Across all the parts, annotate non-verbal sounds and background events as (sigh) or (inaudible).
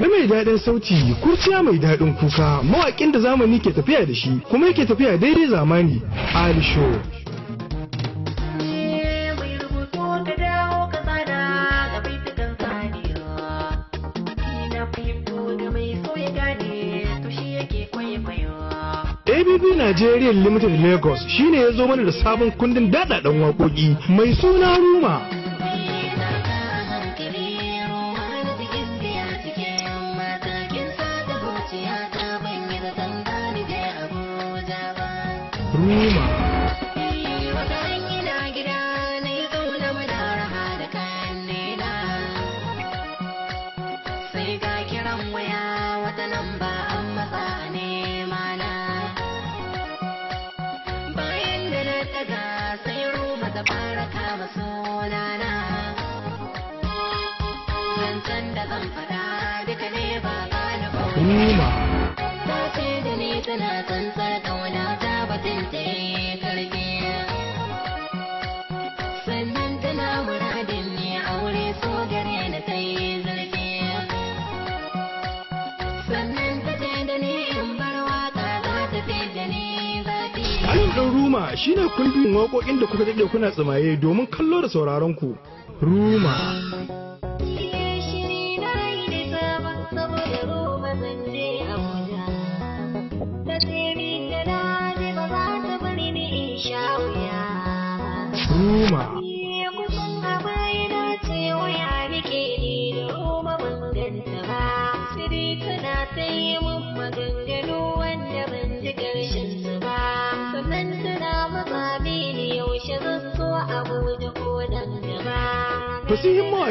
kare mai daɗin sauti kurciya mai daɗin kuka mawaƙin da zamani ke tafiya da shi kuma yake tafiya daidai zamani ali show ABB Nigeria Limited Lagos shine ya zo mana da sabon kundin daɗaɗɗen waƙoƙi mai suna Ruma. shine bi waƙoƙin da kuka daɗe kuna tsamaye domin kallo da sauraron ku. Ruma.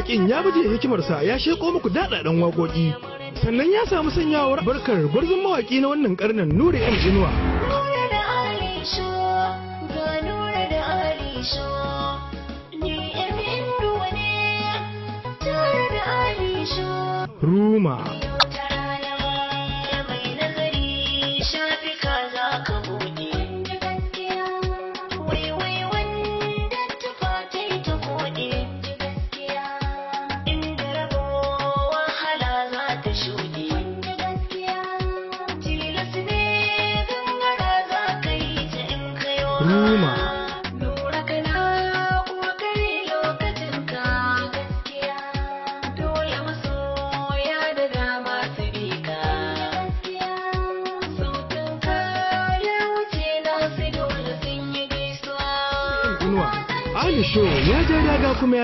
mawaƙin ya baje hikimarsa ya sheko muku daɗaɗen waƙoƙi sannan ya samu sanyawar barkar gwarzon mawaƙi na wannan karnin nuri yan inuwa Ruma.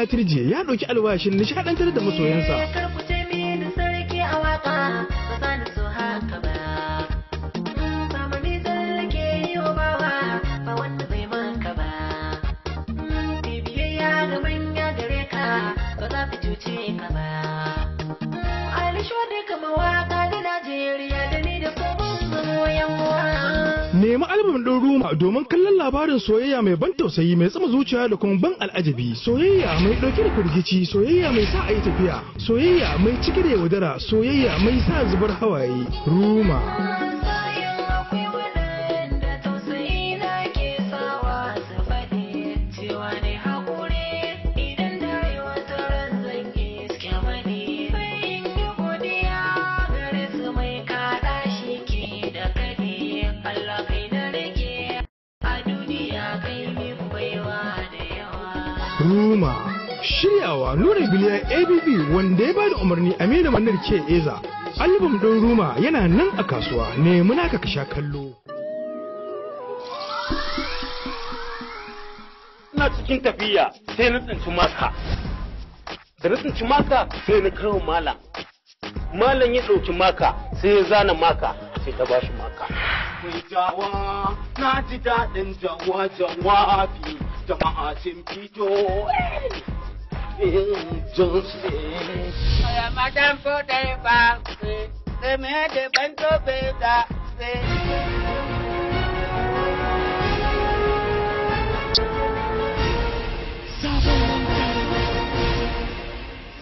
ya turje ya ɗauki alwashin nishaɗantar da masoyansa. nemi albumin ɗin Ruma domin labarin soyayya mai ban tausayi mai tsama zuciya da kuma ban al'ajabi soyayya mai ɗauke da firgici soyayya mai sa a yi tafiya soyayya mai cike da yaudara soyayya mai sa zubar hawaye ruma wa Nura ABB wanda ya bada umarni Aminu Manar ke Eza. Album ɗin Ruma yana nan a kasuwa ne muna ka sha kallo. Ina cikin tafiya sai na tsinci maka. Da na tsinci maka sai na kawo malam. Malam ya ɗauki maka sai ya zana maka sai ta bashi maka. Mai jawa na ji daɗin jawa fi jama'a sun fito. don't sleep. I am Madame for the bank. They made bank of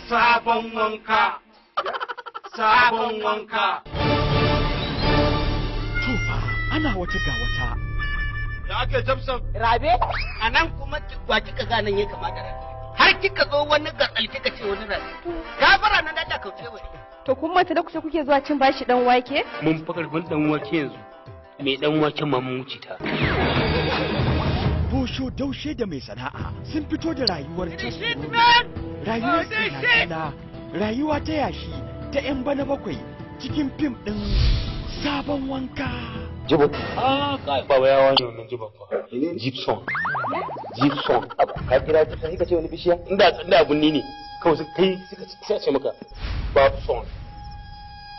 Sabon sabon ana wata Da ake jamsan. Rabe? A nan kuma wa kika ganin rabe. har kika zo wani garɗal kika ce wani rafi gafara nan da kauce wa to kun mata lokaci kuke zuwa cin bashi dan wake mun fakar karbin dan wake yanzu mai dan wake ma mun wuce ta Bosho daushe da mai sana'a sun fito da rayuwar rayuwar na rayuwa ta yashi ta 'yan bana bakwai cikin fim din sabon wanka. jibin ah, ba ba yawa ne wannan ba gibson gibson abu ka kira ka ce wani bishiya inda inda ne kawai kai suka ce maka ba son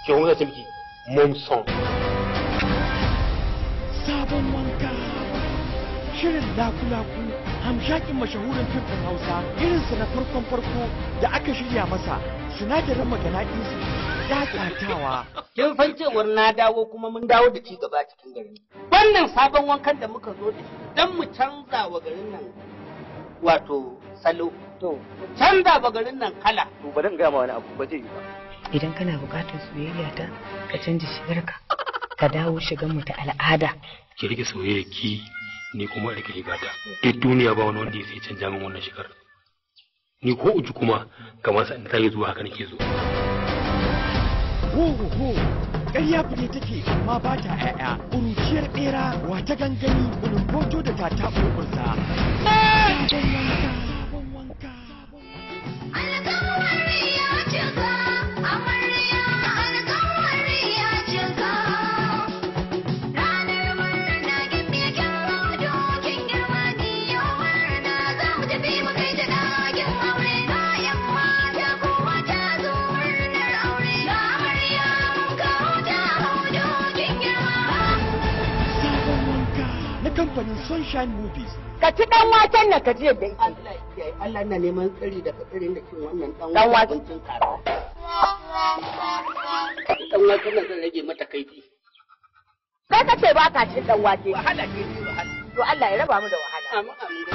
ke miki sabon wanka shirin laku-laku hamshakin mashahurin fim ɗin hausa su na farkon farko da aka shirya masa sinadarin maganaɗinsu ya tsatawa. kin san cewar na dawo kuma mun dawo da ci gaba cikin garin wannan sabon wankan da muka zo da shi don mu canza wa garin nan wato salo to canza wa garin nan kala to ba in gaya ma wani abu ba zai yi ba idan kana buƙatar soyayya ta ka canza shigarka ka dawo shigar mu ta al'ada ki rike soyayya ki ni kuma rike ta duk duniya ba wani wanda ya sai canja min wannan shigar ni ko uji kuma kamar sa ta yi zuwa haka nake zo ho ƙarya fure take amma ba ta ƴaƴa ƙuruciyar ɓera wata gangani bulumboto da ta taɓo ƙurza sabon wanka sabon wanka kamfanin sunshine movies ka ci dan waken na ka ji yadda yake Allah na neman tsari da tsirin da kin wannan dan waken cin kara dan waken na zan rage mata kaifi kai ka ce ba ka ci dan wake wahala ke ni wahala to Allah ya raba mu da wahala amin amin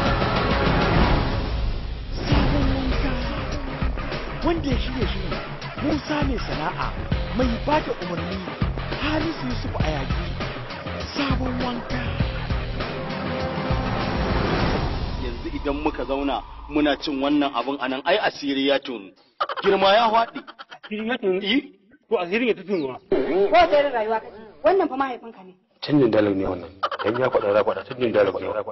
wanda ya shirya shi Musa mai sana'a mai bada umarni Halisu Yusuf a yaki sabon wanka. idan muka zauna muna cin wannan abin anan ai asiri ya tunu girma ya haɗe asiri ya tunu yi to asirin ya tutun ruwa ko da rayuwa kace wannan fa mahaifinka ne canjin dalar ne wannan dan ya kwada kwada canjin dalar ne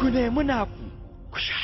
ku nemi naku ku sha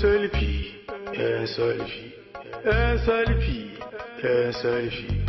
selfie, yan selfie, yan selfie, yan selfie.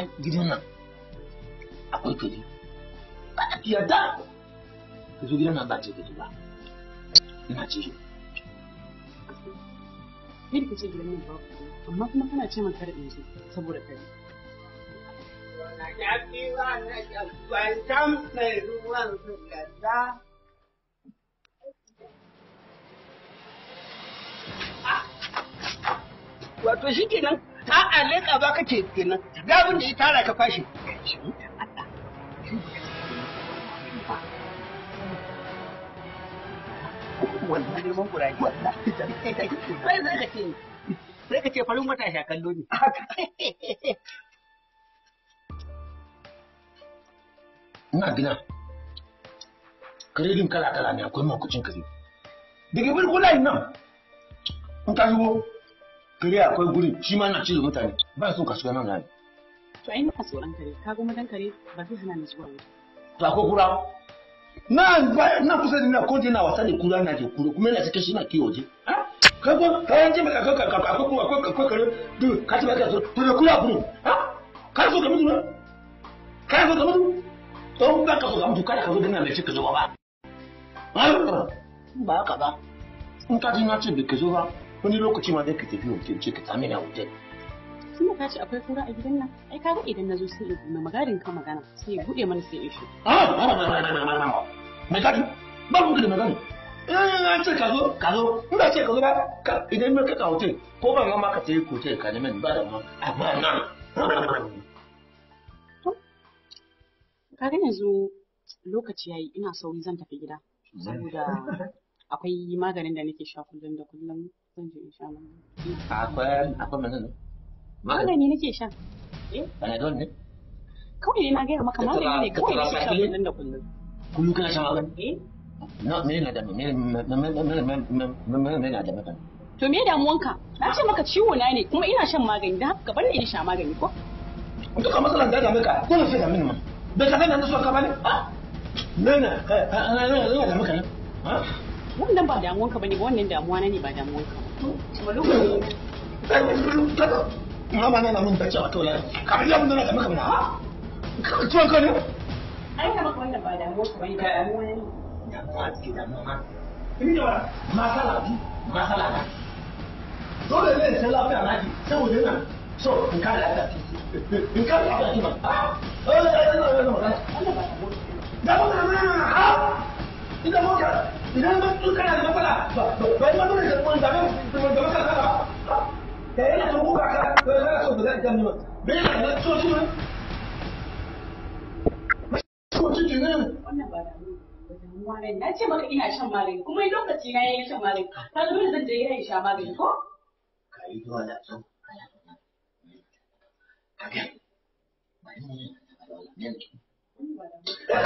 a gidan nan akwai kare ba a yarda ka zo gidan nan ba ce kare ba ina ce kai ka ce gidan nan ba amma kuma kana ce min kare ɗin saboda kare Wato shi kenan A'a leƙa ba kake kenan. Gabin da ya tara ka fashi. Wannan neman kuraje. Wannan. Sai ka ce sai ka ce farin wata sha kallo ne. Ina gina. Karedin kala-kala ne akwai makucin kare. Daga birkulayin nan, in ka shigo kare akwai gurin shi ma na cizo mutane ba su ka shiga nan na to ai maka tsoron kare ka ga madan kare ba zai hana ni zuwa wuri to akwai kura na ba na kusa da na koje na wasa da kura na je kura kuma ina cikin shi na kiwo je ah, ka ga ka yanke maka ka ka ka ka ka ka ka kare duk ka ci baka so to da kura kuma ha ah, ka so ka mutu ne ka so ka mutu to ba ka so ka mutu kada ka zo da nan da shi zuwa ba ba haka ba in ka ji na ce bai ka zo ba wani lokaci ma zai ka tafi hotel ce ka same ni a hotel tunda ka ce akwai kura a gidan nan ai ka ga idan na zo sai in na magarin ka magana sai ya bude mana sai in shi a mai kaji ba mu da magana in eh, an ce ka zo ka zo in ba ce ka zo ba idan mai kaka hotel ko ban ma ka tafi hotel ka neman ba da ma amma nan ka yanzu lokaci yayi ina sauri zan tafi gida saboda akwai maganin da nake sha kullum da kullum zan je in sha akwai akwai maganin magani nake sha eh panadol ne kawai ne na gaya maka magani ne kawai nake sha kullun da kullun kullun kana sha magani eh no me na da me me na da magani to me damuwanka na ce maka ciwo na ne kuma ina shan magani da haka gaban ne in sha magani ko duka matsalan da dame ka dole sai da min ma bai ka san da so ah! eh, eh, eh, ka bane a nana nana da maka ne ah! wannan ba damuwanka bane ba wannan damuwa na ne ba damuwanka mama na na mun tace wato la kamar yau mun na da maka mun ha tuwon ka ne ai kamar wannan ba damuwanka bane ba damuwa ne da ba ki da mama inda masala ji masala na dole ne sai lafiya na ki saboda nan so in ka da in ka da ki ma ah dole ne sai lafiya na ki da mama ha ita mota idan ma tun kana da matsala ba ni da kuma zaɓen da matsala ba da yana da kuka ka to yana so ba zai ba yana da so shi ba so shi ne wannan ba ne na ce maka ina shan magani kuma lokaci na yayi shan magani ka dole zan je yayin sha magani ko zuwa da so ka ga ne in Na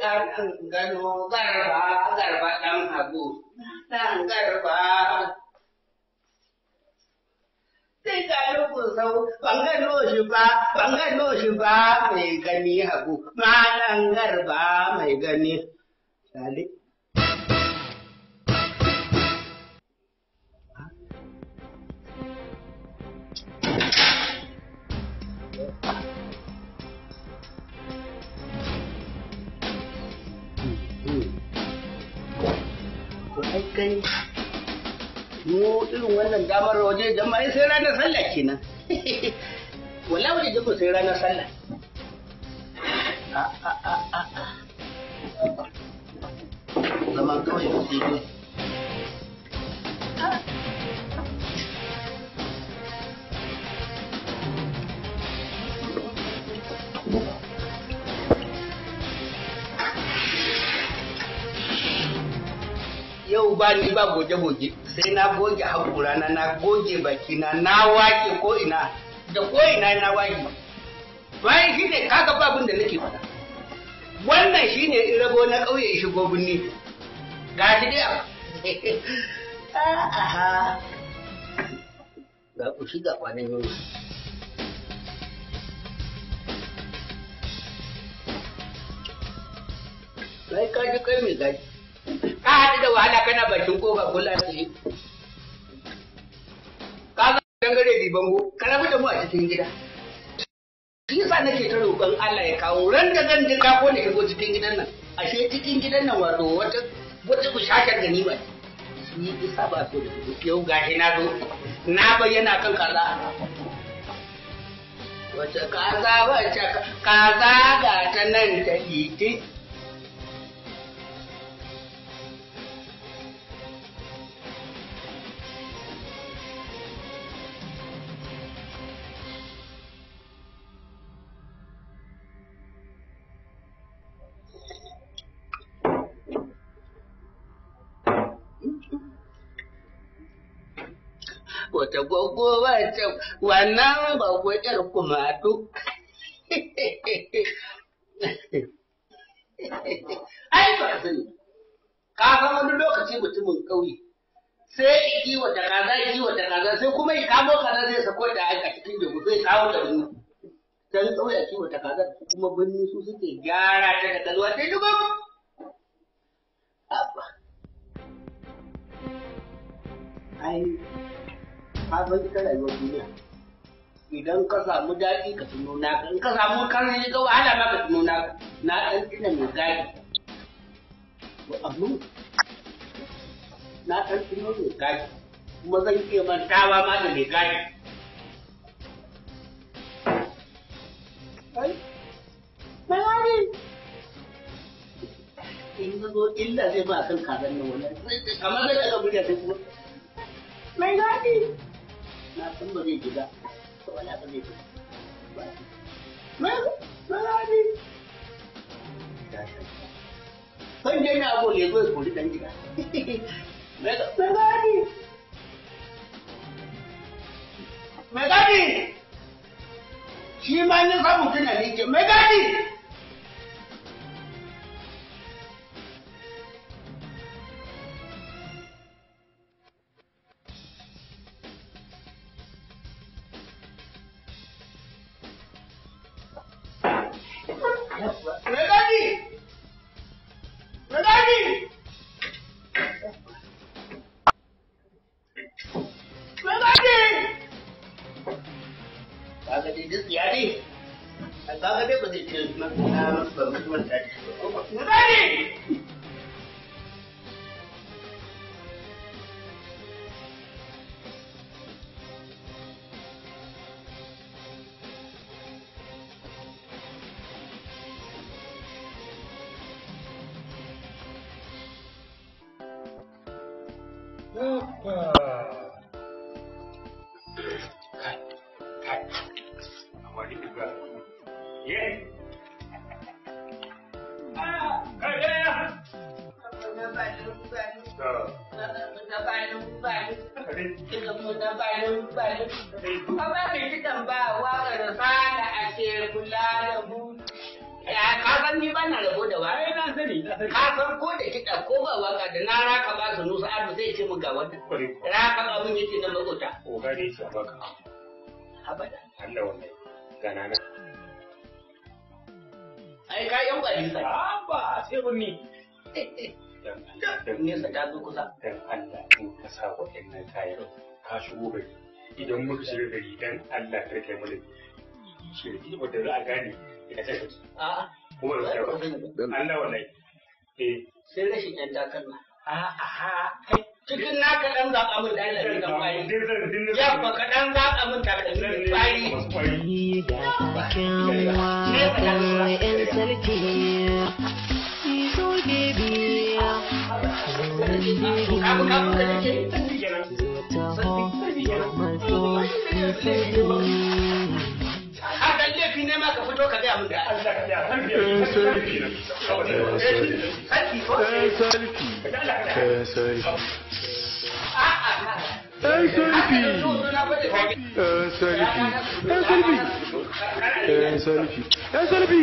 garba garba ɗan hagu. Ɗan garba sai ga lokun sau ba ba mai gani hagu malan garba mai Thank hmm. hmm. hmm. you. mu irin wannan damar waje jama'a sai ranar sallah kenan wala waje jama'a sai ranar sallah zaman kawai sai dai yau ba ni ba goje-goje sai na goge haƙura na na goge baki na na wake ko ina da ko ina na wake bayan shi ne kaga ba abin da nake faɗa wannan shi ne in rago na ƙauye ya shigo birni ga shi dai (laughs) a'a ga ku shiga kwanan yau Lai kaji kai mai gaji. ka haɗu da wahala kana bakin kofa ko tsaye ka za ka dangare bi bango ka rabu da mu a cikin gida shi yasa nake ta roƙon Allah ya kawo ran da zan jira ko ne shigo cikin gidan nan ashe cikin gidan nan wato wata wata bushashar ganima ce ni isa ba so da yau gashi na zo na bayyana kan kaza Wace kaza wace ta kaza ga ta nan ta yi gogo ba wacce wannan gwaggo ƴar kuma duk. Ai ba sani, ka san wani lokaci mutumin ƙauye. Sai yi iki da kaza yi iki da kaza sai kuma ya kamo kaza zai sako da aika cikin da zai kawo da mu. Sai ƙauye iki da kaza kuma birni su suke gyara ta da kalwa sai dubo. Abba. I fasan ita rayuwar duniya idan ka samu daɗi ka tuno naka in ka samu karni ga wahala ma ka tuno naka na ɗan tuna mai gadi to amma na ɗan tuno mai gadi kuma zan iya mantawa ma da mai gadi mai gadi in ka zo illa zai ba kan kazan nan wani kamar zai daga murya sai kuma mai gadi na san ba zai ji ba zai ji ba Kan je abu ne zai dan gida. Mai Shi ma ne ka mutum na ne ke mai kaga dai duk ya dai kaga dai ba zai ce na ta ba kunni nesa ta zo kusa dan Allah in ka sa ka shigo gari idan muka shiga gari Allah kai ne za a gane ina ta kuma da sarwa Allah wallahi eh. sai rashin yan takalma a'a kai cikin naka dan da Allah da ya ka dan da da da wa yan sarki laifi ne da Ɗan sarfi! Ɗan sarfi! Ɗan sarfi! Ɗan sarfi!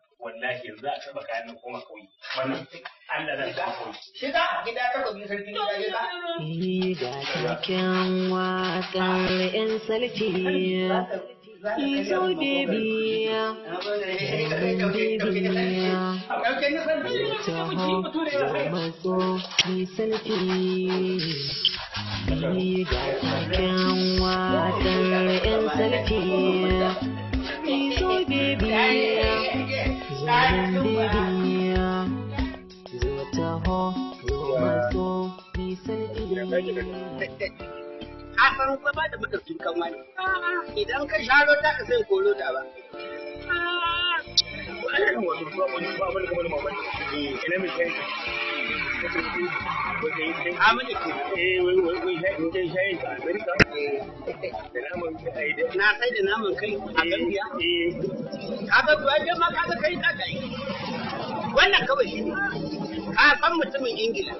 wallahi yanzu a taba kayan nan kuma kauye wannan Allah zan ta kauye shi za a gida ka kauye sarki ya je ka ni ga taken wakar yan sarki Iso debiya, debiya, maso Ni ga yan sarki, debiya, zaren bibiya zo taho zo maso sai koro alaƙa wato ba kamar mamaki ina mai kai na sai da naman kai a gambiya ma kai wannan kawai shi ne ka san mutumin ingila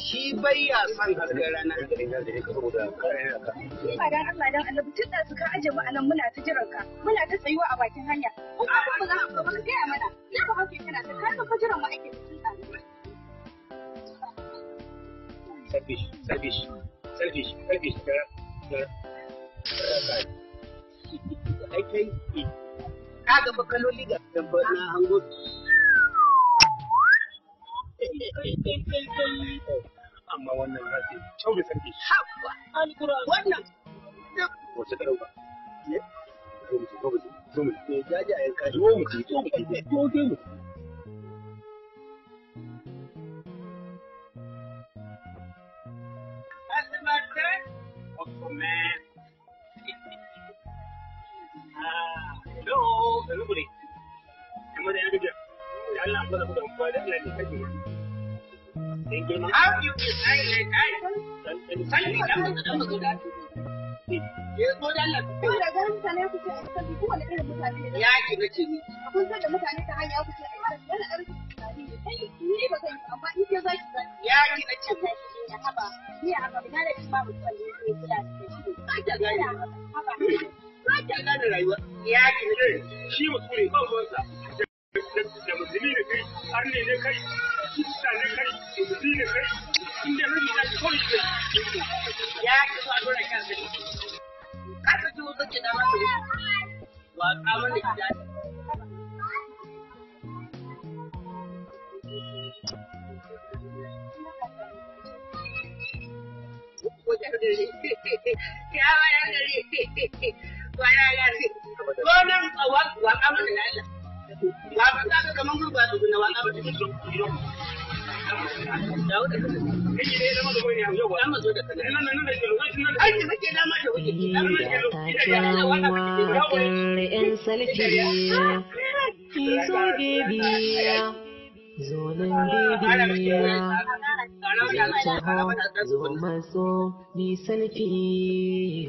shi bai ya son hasken rana. Ba dan Allah dan Allah tun da suka aje mu anan muna ta jiran ka muna ta tsayuwa a bakin hanya. Ko ba mu za ka ba mana. Na ba hauke kana ta kai ka jiran mu ake Selfish, selfish, selfish, selfish, Ai kai, eh. ka ga bakaloli ga na hango Amma wannan ba kyau da sarki. Hawa! Alkura wannan! Wace ta Zo mu zo mu zo mu a zo mu zo mu zo mu ah, hello, Come on, Allah ba da kuma eh, da Allah da da da ya da da sa ne kuke a cikin ko wani irin mutane ya ki da na da da shi mutum ne ba ruwansa da musulmi ne kai arne ne kai kirista ne kai musulmi ne kai inda rabi da kai ya ka so ne da masa wa da gida Ya bayar da ne, wani ya ne, wannan wa kamar da yan salfiya ki zo gebiya zo nan gebiya zai zo maso ni salfiya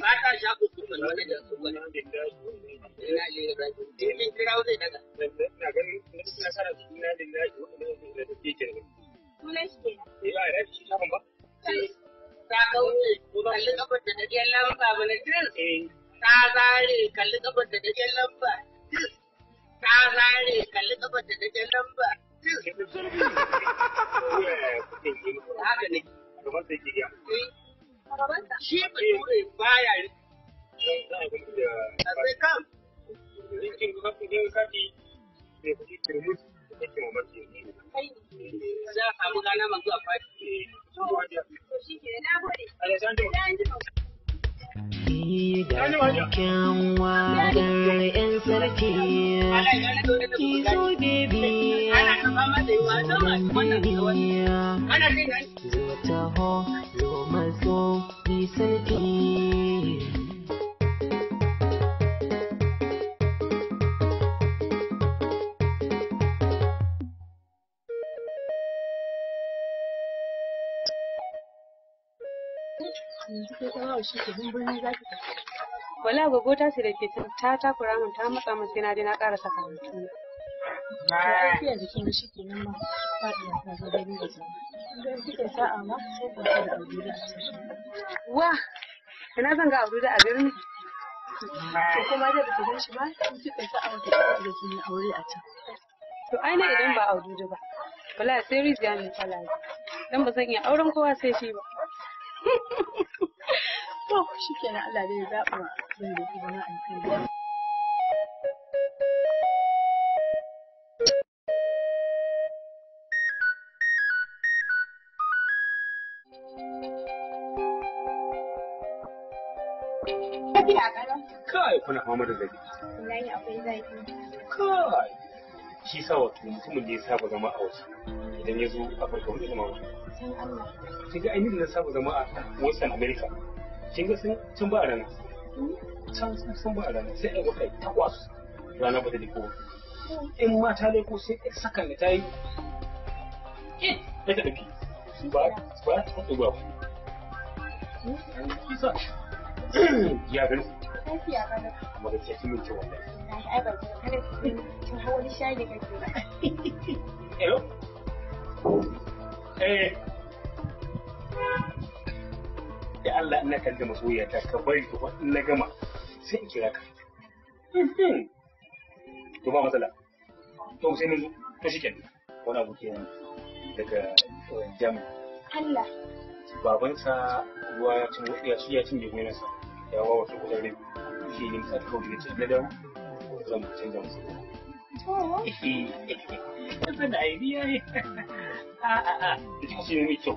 mata shago su kan wani wani ne dimin kirawo daga na ganin nasara su da wani da sunan shi ke rafi eh, shi shafin ba ta kauce kalli kafar da dajiyar lamba jin eh. ta zare kalli kafar da lamba ta zare kalli kafar da lamba (laughs) haka ne kamar sai shi bai baya sai kan rikin gwamnatin kati bai da za a samu gana a kyanwa dar yan sarki ki zo bebi zo taho zo mazo ki sarki shi ke bin birni za ki tafi wala gogo ta ce da ke ta takura min ta matsa min sai na je na karasa karatu lafiya jikin da shi ke nan ma ba da yawa zo da da zama idan kika sa'a ma sai ka da aure da wa ina zan ga aure da a birni to kuma da baki gan shi ba in kika sa'a wata kika da kin aure a can to aina idan ba aure ba wala sai rijiya ne falaye dan ba zan iya auren kowa sai shi ba (laughs) to shi Allah zai zaɓa abin da ya zama alƙalmi kai kuna fama da zafi wallahi akwai zafi kai shi sa wato mutumin da ya saba zama a wasu idan ya zo a farko wani zama wani san Allah kiga ainihin na saba zama a Western America kin ga sun can ba rana can sun sun ba sai a ga takwas rana ba ta diko in ma ta leko sai a sakan da ta yi eh, it ta tafi ba ba ta tafi ba ya gani kuma da cikin mutum eh eh da Allah ina kan gama soyayya ta ka bari in na gama sai in kira ka hmm. to ba matsala to sai mun to shi kenan wani abu kenan daga eh, jami Allah babansa ruwa ya cin ya ci ya cin bai gwiwarsa ya wawa ke kusan rabi shi ne kawai da ce na dawo zan canza musu ruwa. Ina da aibiya ne. A'a, da cikin shi kyau.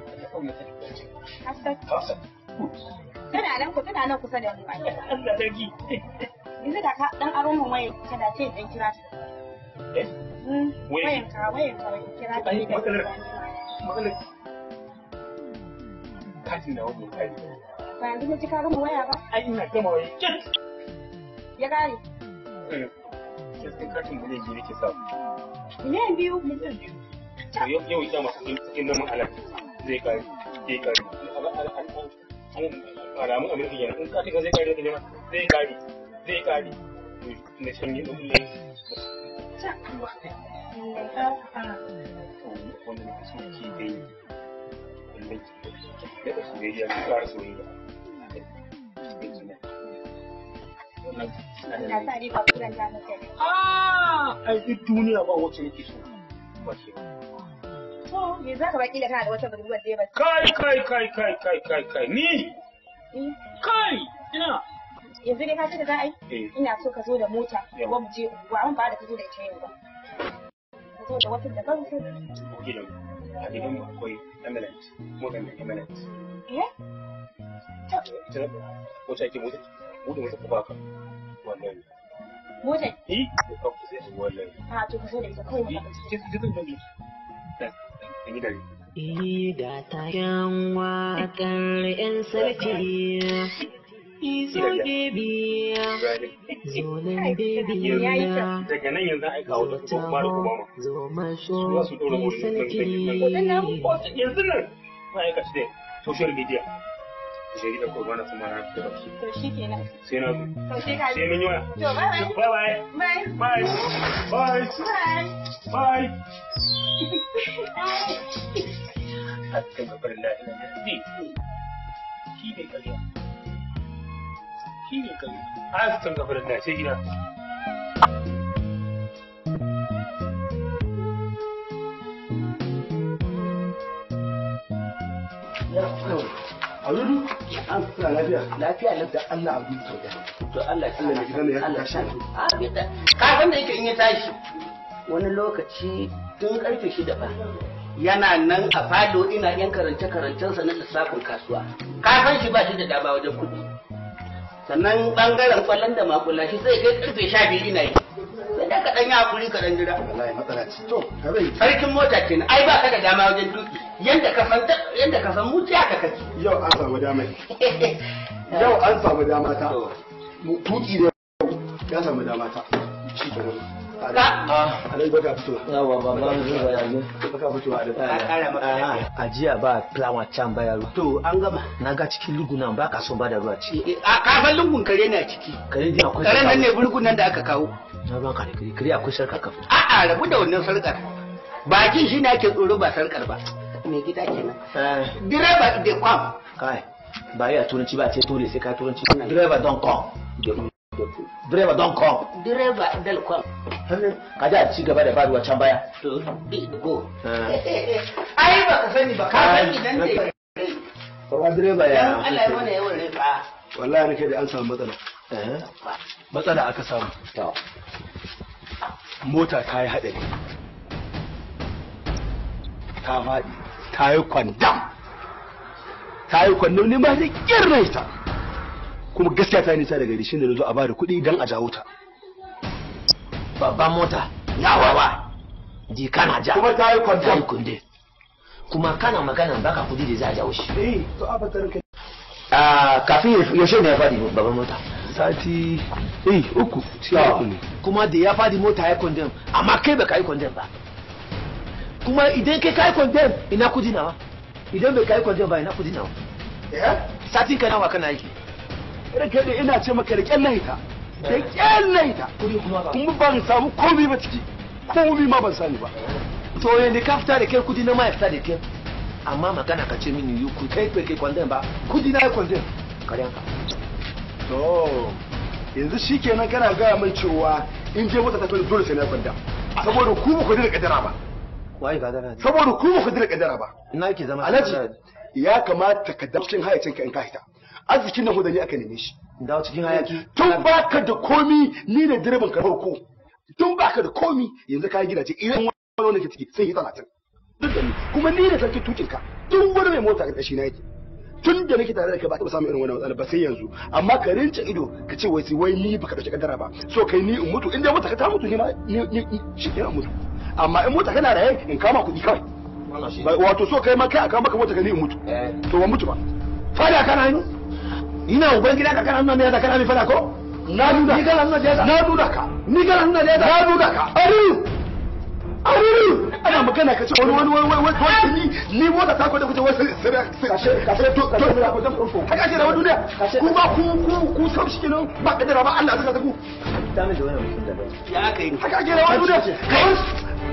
Tana nan ku tana nan kusa da mu. Allah sarki. Yanzu da ka dan aron mu ta da ce dan kira ta. Eh? Wayan ka ka kira ta. Ai matsalar matsalar katin da wani kai. Ba yanzu ka cika mu waya ba? Ai ina gama Ya kare. Eh. Sai katin mu ne ji nake sa. Miliyan biyu. Miliyan Yau yau ita masu cikin nan mahalar. zai kare zai kare alamun amurka yana in katika zai kare da jama'a zai kare zai kare na san yi ɗin lai wanda duk duniya ba wacce nake so ba To, me za ka baki da kana da wata budurwar dai Kai kai kai kai kai kai kai ni. Eh. Kai ina. Yanzu dai ka ci da za a yi? Eh. Ina so ka zo da mota, yawa mu je unguwa, an ba da ka zo da ita yau ba. Ka zo da wata da ban sai. Gidan a gidan mu akwai eminent, motar eh? da eminent. Eh? Ita mota yake mota, mota mota ko ba ka. Wannan. Motar? Eh, ko ah, ka zo da ita kawai. Ki ki Ida ta kyan waƙar 'yan sarki Izo baby sarki yanzu nan ma'aikaci ne social media shari da kurba na kuma na kuma to shi na zo sai ka sai mun to bye bye bye bye bye bye bye shi ne kariya shi ne kariya a cikin gabarin da sai gida lafiya? Lafiya da. Allah ya Kafin da yake ya tashi. Wani lokaci tun karfe shida ba. Yana nan a falo ina yan karance karancensa na lissafin kasuwa. Kafin shi ba shi da dama wajen kuɗi. Sannan bangaren kwallon da makula shi sai kai karfe sha biyu ina yi. sai dai ka dan yi hakuri ka dan jira wallahi matsala ce to ka bai sarkin mota kenan ai ba ka da dama wajen tuki yanda ka san yanda ka san mutiya ka kaci yau an samu dama yau an samu dama ta tuki da ya samu dama ta ci kenan a jiya ba flower ah, ah. can ba yaro to an gama na ga cikin luguna ba ka son ba da ruwa ciki eh, eh, a kafin lungun kare ne a ciki kare ne akwai kare ne burgunan da aka kawo na ba ka da kiri kiri akwai sarka kafin a'a rabu da wannan sarkar bakin shi ne ake tsoro ba sarkar ba me gida kenan eh. direba da kwam kai ba ya turanci ba ce dole sai ka turanci direba don kwam direba don kwam direba dal kwam eh, ka ji a ci gaba da faruwa can baya go ai ba ka sani ba ka sani nan da Farwa direba ya. Allah ya mana yawan rifa. Wallahi nake da an samu matsala. Eh. Matsala aka samu. mota ta yi haɗari ta faɗi ta yi kwandam ta yi kwandam ne ma da ƙirrai ta kuma gaskiya ta nisa daga rishin da na zo a bada kuɗi don a jawo ta babban mota yawa ba di kana ja kuma ta yi kwandam kunde kuma kana magana baka kuɗi da za a jawo shi eh to a ah, kafin yaushe ne ya faɗi babban mota sati eh uku kuma da ya fadi mota ya condemn amma kai ba kai condemn ba kuma idan kai kai condemn ina kudi nawa idan bai kai condemn ba ina kudi nawa eh? satin kana wa kana yi rike da ina ce maka da kyalle ita eh. da kyalle ita kuma ban samu komai ba ciki komai ma ban sani ba to yanzu ka fita da kai kudi na mai ya fita da kai amma magana ka ce mini yuku kai kai condemn ba kudi na ya condemn kare ka to yanzu shi kenan kana gaya mai cewa in je wata tafiya dole sai na kwanta saboda ku ba ku da kadara ba wai dana saboda ku ba ku da kadara ba ina yake zama alaji ya kamata ka dawo cikin hayacin ka in ka hita arzikin nan hudani aka neme shi dawo cikin hayaki tun baka da komi ni da direban ka farko tun baka da komi yanzu ka gidaje idan wani ne ke ciki sai yi talatin duk da ni kuma ni da sarki tukin ka duk wani mai mota ga shi na yake tun da nake tare da kai ba ta samu irin wannan matsala ba sai yanzu amma ka rince ido ka ce wai wai ni baka dauki kaddara ba so kai ni in mutu in dai ka ta mutu ni ma ni shi ne mutu amma in mutu kana raye in kama kuɗi kawai wato so kai ma kai a kama ka ka ni in mutu to ba mutu ba fada kana ni ina uban gida ka kana nuna ne da kana mi fada ko na duda ni kana nuna da na duda ka ni kana nuna da na duda ka a ana magana ka ce wani wani wani wani wani ni ni mota ta kwata kuce wasu kashe to to ka kashe da wani duniya ku ba ku ku ku shi kenan ba ba Allah zaka ku ta da wani mutum da ya aka yi haka ake da wani duniya kawai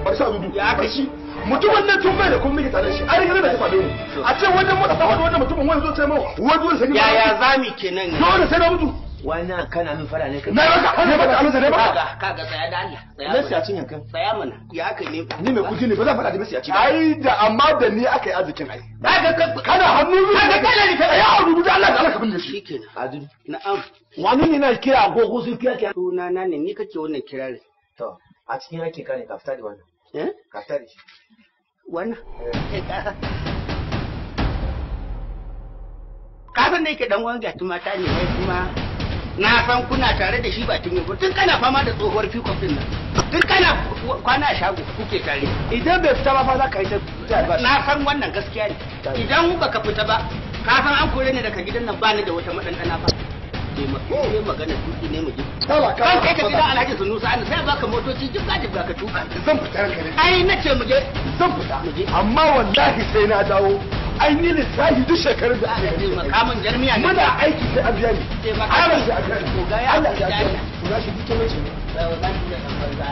ba sa dudu ya shi mutumin nan tun bai da kun miki tare shi yi da tafaɗe mu a ce wannan mota wannan mutumin wani zo ce mawa wani dole sai ya ya zami kenan dole sai da mutu wannan kana min fara ne na ne alusa ne kaga tsaya da Allah tsaya ne siya tsaya mana ya aka ne ni mai kuji ne ba zan fara da siya ai da amma da ni aka yi ai kaga kana hannu ne kaga kana ne da Allah da ka bin da shi na'am wani ne na kira kira kira na ne ni kake wannan kirarin a cikin ka fita eh? ka fita da shi wannan eh. ka ne ke dan wanga ta ne kuma na san kuna tare da shi ba tun yau tun kana fama da tsohuwar fikon din nan tun kana kwana a shago kuke tare idan bai fita ba fa za ka yi ta na san wannan gaskiya ne idan baka fita ba ka san an kore ne daga gidan nan ba ni da wata madandana ba dai ma ne eh, eh, magana tuki ne mu ji kala kala kai ka gida alhaji sai baka motoci duk tuka zan fita ranka ne ai nace mu je zan fita amma wallahi sai na dawo an yi lissafi duk shekarun da aka yi makamin jarmiya ne muna aiki sai an biya ne ƙarar da aka yi ga ya Allah ya ku shi duk wace ne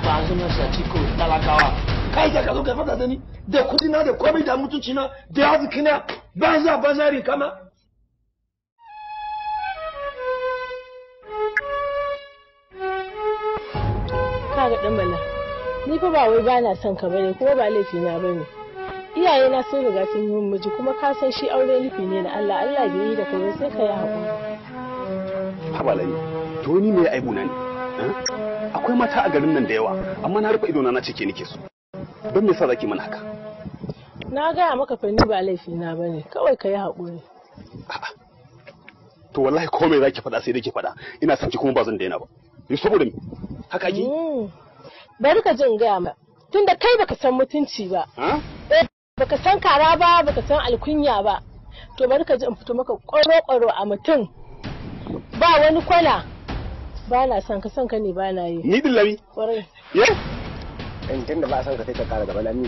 ba na sati ko talakawa kai da ka ka fada da ni da kudi na da komai da mutunci na da yazikina ba za ba zari kama ga dan bala ni fa ba wai bana son ka bane kuma ba laifi na bane iyaye na sun riga sun yi miji kuma ka san shi aure nufi ne na Allah Allah bai yi da kai sai ka yi hakuri habalai to ni me aibu na hm? akwai mata a garin nan da yawa amma na rufe ido na ce ke nake su don me yasa zaki mana haka na gaya maka fanni ba laifi na bane kawai ka yi hakuri to wallahi komai zaki faɗa sai dai ki faɗa ina son ki kuma ba zan daina ba Eh, saboda me haka ake mm. bari ka jin gaya ma tunda kai baka san mutunci ba eh, baka san kara ba baka san alkunya ba to bari ka ji in fito maka kwaro-kwaro a mutum ba wani kwala ba na san ka san ka ne ba na yi ni dillami kwarai ye in tunda ba san ka kai ka kara gaba na ni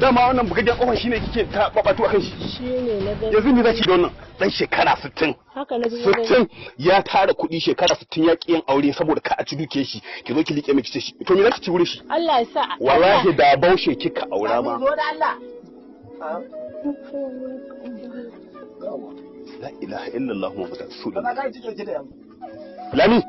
dama wannan bugaggen kofar shine kike ta babatu akan shi shine na gani yanzu ni zaki da wannan dan shekara 60 haka na gani 60 ya tara kudi shekara 60 ya ki yin aure saboda ka a ci duke shi ki zo ki like mai kice shi to me zaki ci wuri shi Allah ya sa wallahi da baushe kika aura ma zo da Allah la ilaha illallah muhammadur rasulullah lami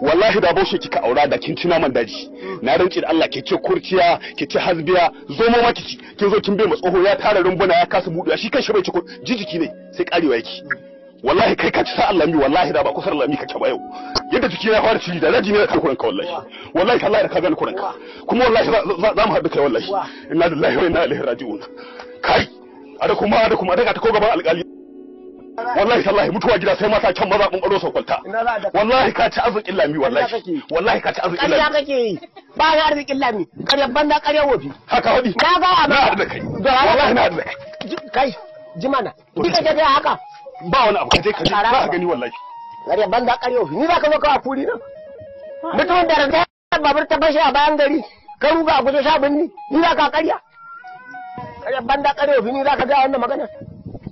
wallahi da baushe kika aura da kin tuna man daji na rinki da Allah ke ce kurciya ke ce hasbiya zo mu maki ci kin zo kin bai tsoho ya tara rumbuna ya kasa buɗe shi kan shi bai ci jijiki ne sai karewa yake wallahi kai ka ci sa Allah mi wallahi da ba kusar Allah mi kake ba yau yadda jiki ya fara ciki da raji ne da kan kuranka wallahi wallahi Allah ya ka kuranka kuma wallahi za mu haɗu kai wallahi inna lillahi wa inna ilaihi raji'un kai ada kuma ada kuma daga ta ko gaban alƙali wallahi tallahi mutuwa gida sai mata kyan maza kun baro sokolta wallahi ka ci arzikin lami wallahi wallahi ka ci arzikin lami kake yi ba ga arzikin lami ƙaryar banda ƙaryar wofi haka wadi na ga a na da kai wallahi na da kai kai jimana dika da haka ba wani abu kaje kaje ba gani wallahi ƙaryar banda ƙaryar wofi ni za ka zo ka furi na mutumin da ranta babur ta bashi a bayan gari ka ruga a guje sha binni ni za ka ƙarya ƙaryar banda ƙaryar wofi ni za ka ga wannan magana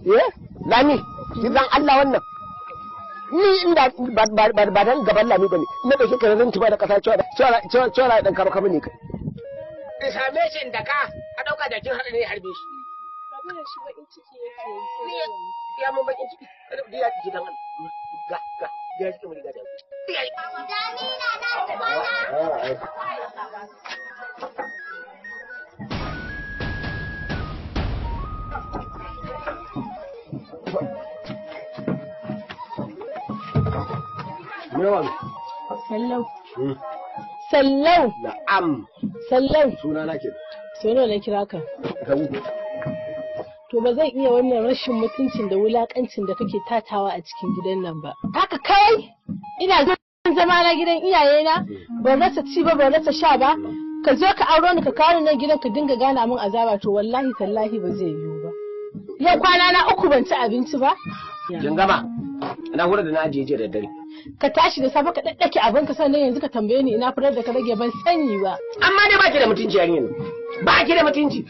eh lami dan Allah wannan ni inda ba dan gaban lami bane na dauke ka zan tuba da kasa cewa cewa cewa cewa dan kaba kaba ne kai in same shi da ka a dauka da kin hada ne harbe shi Thank you. Sallau. Hmm. Sallau. Sallau. Suna na na kira ka. To ba zan iya wannan rashin mutuncin da wulakancin da kake tatawa a cikin gidan nan ba. Haka kai? Ina zan zama na gidan iyayena hmm. ba rasa ci ba ban rasa sha ba hmm. ka zo ka auro ni ka kawo nan gidan ka dinga gana min azaba to wallahi tallahi ba zai yiwu ba. Yau kwana na uku ban ci abinci ba. Jingama. na hura da na ajiye jiya da dare ka tashi da safe ka daddake abin ka sannan yanzu ka tambaye ni ina furar da ka rage ban sani ba amma dai baki da mutunci yanzu. ne ba ki da mutunci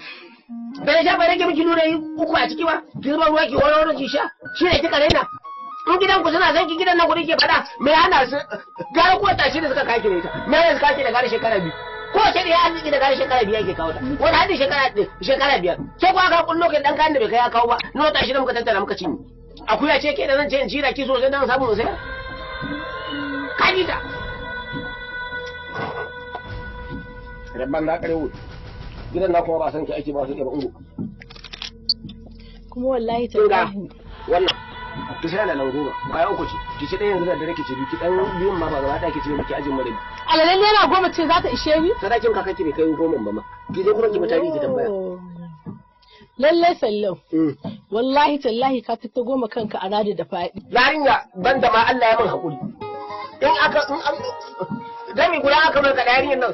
bai sha ba rage miki nuna uku a ciki ba ki zuba ruwa ki wani wani ki sha shi ne kika raina in gidan ku suna zanki gidan nan ku ke fada me hana su gara ko shi da suka kake ne ta me yanzu kake da gara shekara biyu ko ce da ya arziki da gara shekara biyar ke kawo ta wani hadin shekara biyar Sai kuwa ka kullo kai dan kayan da bai kai ya kawo ba ta shi da muka tattara muka cinye akuya ce ke da zan ce in jira ki sosai don samu sai ta rabban na kare wuce gidan na kuma ba san ki ake ba su da ungu kuma wallahi ta wannan ki sai da langura bayan uku ce ki ci ɗaya yanzu da dare ki ci ki dan biyun ma ba za ta ki ci miki ajin madabi alalan na goma ce za ta ishe ni sadakin kakaki bai kai goma ba ma ki je kuma ki mutane ki tambaya oh, lallai sallau mm. wallahi tallahi ka fito goma kanka a radi da faɗi yarinya ban da ma Allah ya min hakuri in aka in an gami guda aka bar ka yarinyar nan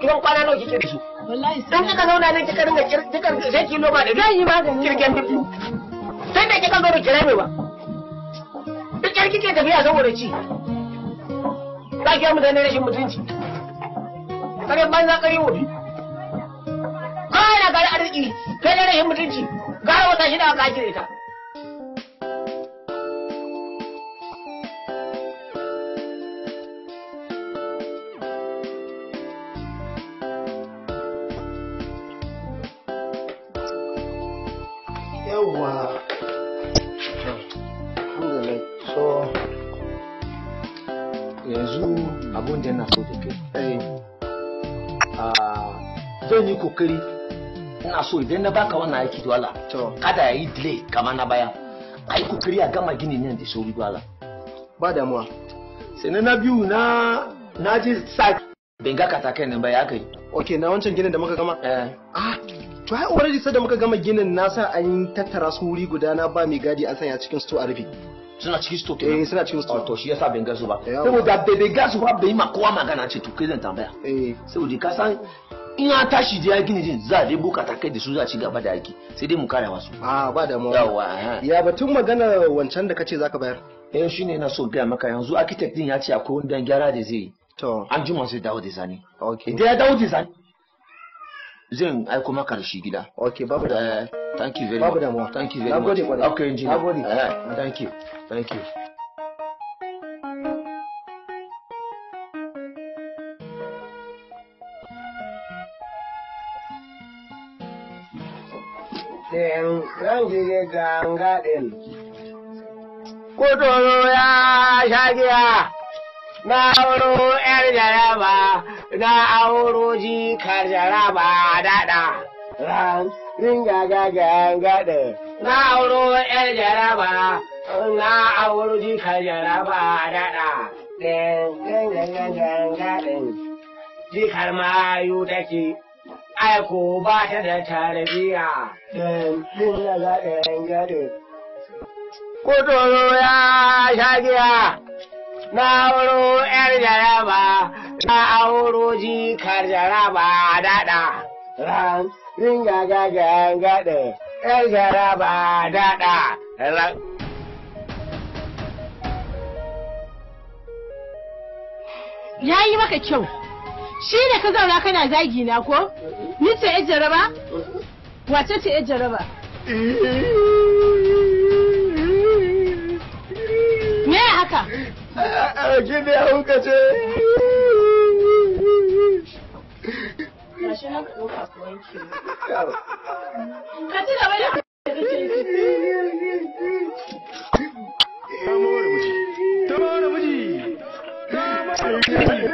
gidan kwana nawa kike da shi wallahi sai kika zauna nan kika dinga kika sai ki loma da zai yi magani kirgen dubu sai da kika zo da kira ba duk yar kike tafiya saboda ci ka ga mu da rashin mutunci kare banza kare wofi na gari arziki kai na rahin mutunci gara wata da aka kire ta yawwa yanzu abun da yana so eh. ah, zan yi kokari so idan na baka wannan aiki to Allah kada yi delay kama na baya a yi kokari a gama gini da sauri Allah ba damuwa sai na biyu na na ji sa ben ga katakai nan ba ya kai okay na wancan ginin da muka gama eh ah to ai already sai da muka gama ginin na sa an tattara su wuri guda na ba mai gadi an sanya cikin store a rufe suna cikin store kenan eh suna cikin store ah, to shi yasa ban gasu ba saboda da ga gasu ba bai ma kowa magana ce to kai zan tambaya eh saboda ka san in ya tashi da ya gini jin za a ta kai da su za a ci gaba da aiki sai dai mu kare masu a ba da mu eh. ya batun magana wancan da kace zaka bayar eh shine ina so gaya maka yanzu architect din ya ce akwai wanda gyara da zai yi to an juma sai dawo da zani okay idan ya dawo da zani zan aiko maka da shi gida okay babu da eh, thank you very much babu da mu thank you very much nagode okay engineer nagode eh, thank you thank you ɗin zan jige ganga ɗin. Kuturu ya shagiya, na auro ‘yar jaraba, na auro jikar jaraba daɗa. Ran, ringa gagan gaɗe, na auro ‘yar jaraba, na auro jikar jaraba daɗa. Ɗin, ɗin gagan gaɗin, jikar mayu take. ai ko ba ta da tarbiya din na ga ɗayan gado. Kuturu ya sha giya, na wuro ‘yar jaraba, na auro jikar jaraba daɗa. Ran, din ga ga ɗayan ‘yar jaraba daɗa. Ya yi maka kyau. shi ne ka zauna kana zagi na ko ni ce ya jaraba wace ce ya jaraba me haka a gini hauka ce ka ci gaba da Ta mawar miji! Ta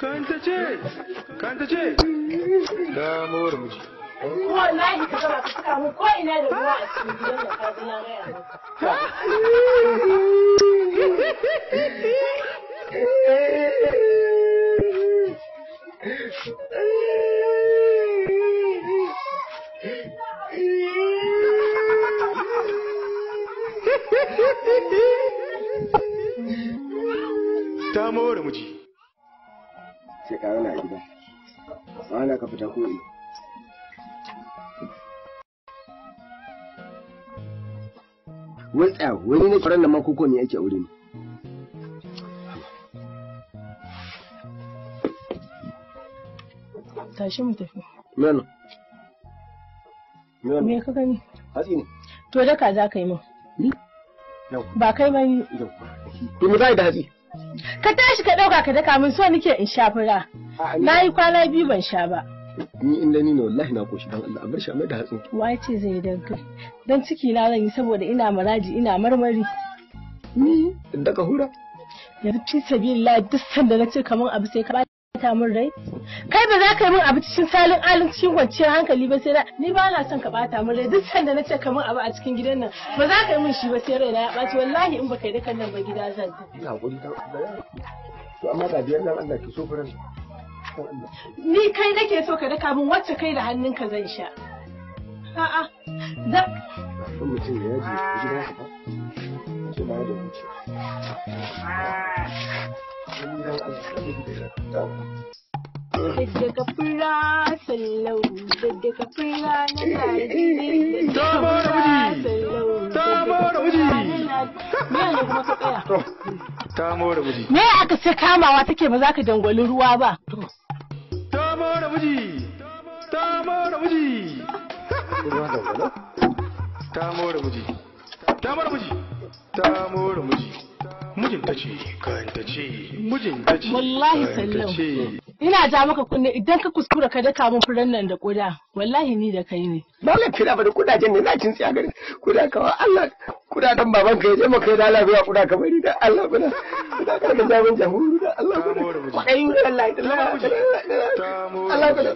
kanta ce kanta ce da mawar miji wallahi ka gaba ka saka mu ko ina da ruwa a cikin gidan da ka ji na gaya ta mawar miji sai ka zauna a gida ba na ka fita ko'ina wata wani ne tsoron da makoko ne yake aure ne tashi mu tafi mena mena me ka gani hatsi ne to daka za ka yi min hmm? ba kai ba ni to mu da hatsi Ka tashi ka ɗauka ka daka min so nake in sha fura. Na yi kwana biyu ban sha ba. Ni inda ni ne wallahi na koshi dan Allah bar sha mai da hatsin. Wai ce zai danka. Dan ciki na zan yi saboda ina maraji ina marmari. Ni daga hura. Yanzu fi sabilillah duk sanda na ce kamar abu sai ka bata min rai kai ba za ka yi min abu cikin salin alin cikin kwanciyar hankali ba sai na ni ba na son ka bata min rai duk sanda na ce ka min abu a cikin gidan nan ba za ka yi min shi ba sai raina ya ɓaci wallahi in ba kai dukan nan ba gida zan ta ina hakuri ta to amma ga biyar nan Allah ki so furan ni kai nake so ka daka min wacce kai da hannunka zan sha a'a da mutum ya yaji gidan ka ba ba da wuce daga ta mara miji ta me ta me aka ce kamawa take ba za ka dangwali ruwa ba ta more miji ta more miji ta more miji ta more miji ta more miji ta ce ta ce ta ce ta ce ina ja maka kunne idan ka kuskura ka daka mun furen nan da kuda. wallahi ni da kai ne malam kina ba da kudajen ne na cin tsaya gari kuda kawa Allah dan baban ka je maka da lafiya kuda ka bari da Allah bana kuda ka da zaman jamhuri da Allah bana kudai wallahi da Allah bana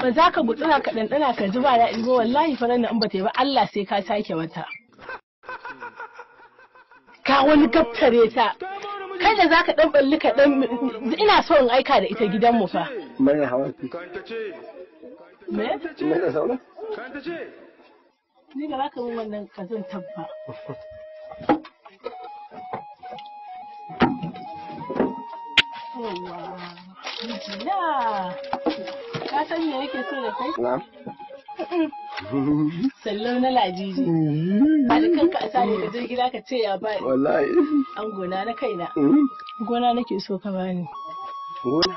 ba za ka gutsura ka dandana ka ji ba daɗi ba wallahi faran nan in ba ta yi ba Allah sai ka sake wata ka wani gaftare ta kai da zaka dan balli ka dan ina so in aika da ita gidan mu fa mai hawa me Me da sauna ni za ka mun wannan kazan tabba Ka san me yake so da kai? Na'am. sallau na ladiji ba da kanka a ka je gida ka ce ya bani. wallahi an gona na kaina mm. gona nake so ka bani gona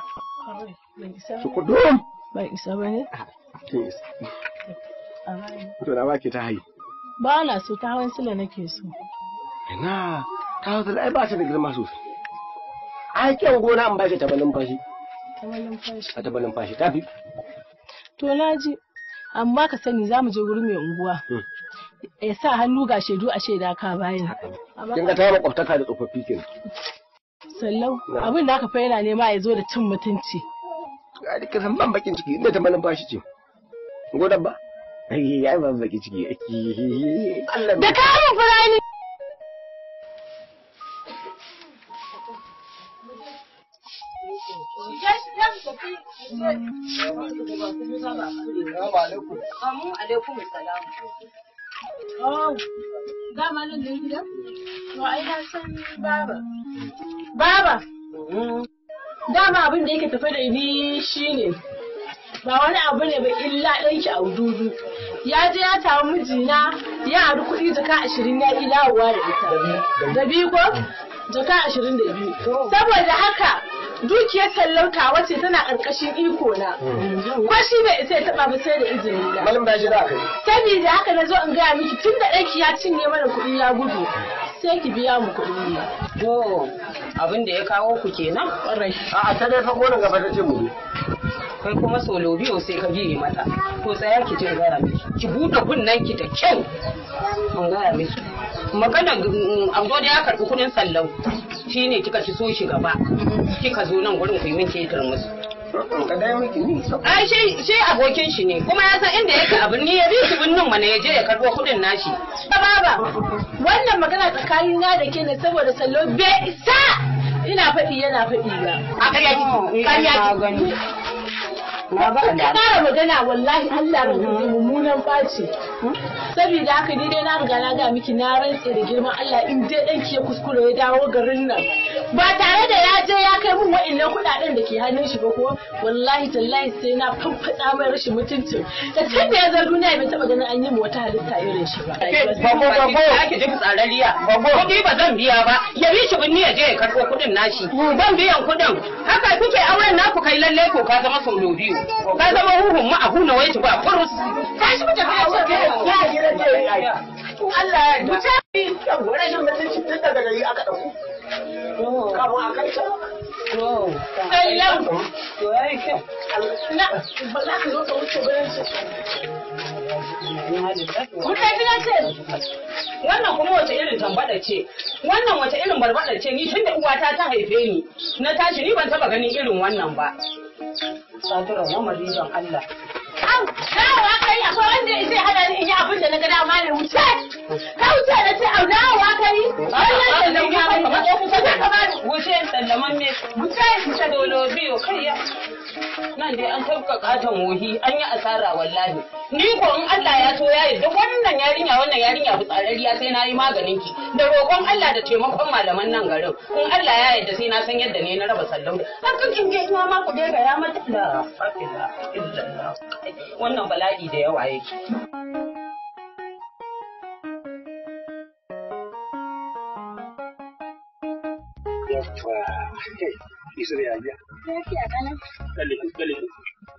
su kudu isa ba ne to na baki ta hayi ba na so ta hawan sila nake so ina ta hawan sila ai ba ta da girma sosai ai kyan gona ba shi ta balin fashi ta balin fashi ta to na ji amma ka sani za mu je wurin mai unguwa hmm. ya sa hannu ga shaidu a shaida ka bayan kin ga ta makwabtaka da tsofaffi kenan sallau abin da aka fa yana nema ya zo da cin mutunci ga dukkan san ban bakin ciki inda ta malam bashi ce godan ba ai ban bakin ciki da kamun furani Amin da gida? baba. Dama abin da yake tafe da ni shine ba wani abu ne ba illa ɗanki a dudu. Ya je ya tawo mijina ya haɗu kuɗi jaka ashirin ya ƙi dawowa da ita. Da biyu ko? Jaka ashirin da biyu. Saboda haka dukiyar tallauta wacce tana ƙarƙashin iko na mm. ko shi bai isa ya taɓa ba sai da izini na. malam ba shi da aka yi saboda haka na zo in gaya miki tun da ɗanki ya cinye mana kuɗi ya gudu sai ki biya mu kuɗi ne to abin da ya kawo ku kenan ƙwarai a'a ta dai fa gonan gaba ta ce mu kai kuma solo biyo sai ka biye mata to tsaya ki ji in gaya miki ki buɗe kunnen ki da kyau in gaya miki maganar mm, amzo da ya karɓi kuɗin sallau ne kika ci so shi gaba kika zo nan gurin ku yi min tiyatar musu Ai shi abokin shi ne kuma ya san inda yake abin ni ya bi binnin mana ya je ya karbo kudin nashi. Baba wannan magana tsakanin na da ke ne saboda sallo bai isa ina faɗi yana faɗi ba. A ƙarya oh, ƙarya in ka kara magana wallahi Allah ran ji mummunan baci hmm? saboda haka ni dai na riga na ga miki na rantse da girman Allah in dai dan ki ya kuskure ya dawo garin nan ba tare da ya je ya kai mun wa'annan kuɗaɗen da ke hannun shi ba ko wallahi tallahi sai na faffaɗa mai rashin mutuncin da tun da ya zar duniya bai taba ganin an yi wata halitta irin shi ba Ba bago ake ji tsarariya bago kuɗi ba zan biya ba ya bi shi binni ya je ya karɓo kuɗin nashi hmm. ban biyan kuɗin haka kuke auren naku kai lalle ko ka zama sau biyu huhu ka zama ma a huna wai ba kurus tashi yi rage Allah ya ce, wannan kuma wace irin tambada ce, wannan wace irin barbada ce, ni tun da uwata ta haife ni, na tashi ni ban taba ganin irin wannan ba. Sadura goma riban Allah. Au, dawowa kai akwai wanda zai hada ni in yi abin da na ga dama ne wuce. Ka wuce na ce au dawowa kai. Wannan da na ga ba ko kusa da ka bani. Wuce sallaman me. Wuce wuce dolo biyo kai ya. Nan dai an tabka katon wohi an yi asara wallahi. Ni ko in Allah ya so ya yarda wannan yarinya wannan yarinya fitsarariya sai na yi maganin ki. Da roƙon Allah da taimakon malaman nan garin. In Allah ya yarda sai na san yadda ne na raba sallau. An kakin gaisuwa ma ku dai ga damar da wannan bala'i da yawa yake Yawwa, isa da Lafiya kanan. Dalilin, dalilin.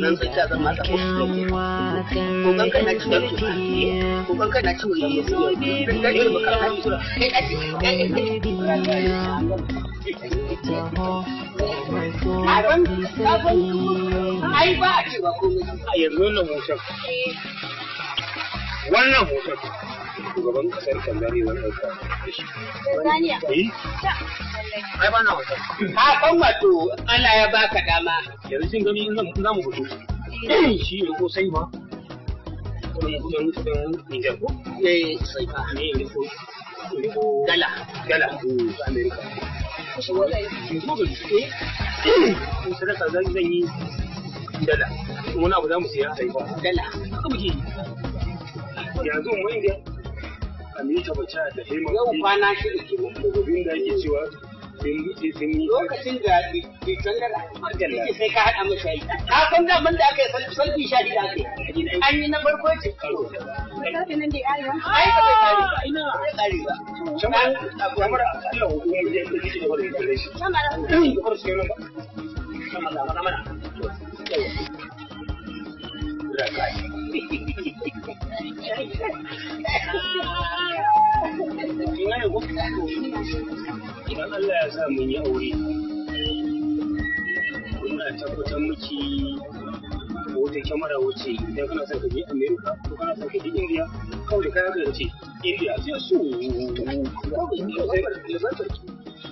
nan sai ta zama ta kokan kana ne kan kai wannan hoton shugaban kasar kandari wani hoton. Tanzania? Eh? Ai ba na hoton. A kan wato Allah ya baka dama. Yanzu sun gani in za mu fito. Eh. Shi ne ko sai ma. Kuma kuma mun fito mun jago. Eh sai fa ne ne ko dala dala eh, America. Shi wala Dala. ka eh. zan yi dala. Muna za mu siya sai ba. Dala. Haka muke yi. yanzu mun ga amita bace da yau kwana shi da gobin da yake cewa lokacin da sai ka haɗa masa yi da mun da aka yi sha da an yi na farko ce nan da ai ka bai ina ba kamar kamar Allah da yake shi kamar kamar ぐらいかい。Ina ya Idan Allah ya sa mun yi aure, muna tabbatar miki wata kyamara wuce idan kana son ka je Amerika ko kana son ka je India kawai da kaya ka ce India sai su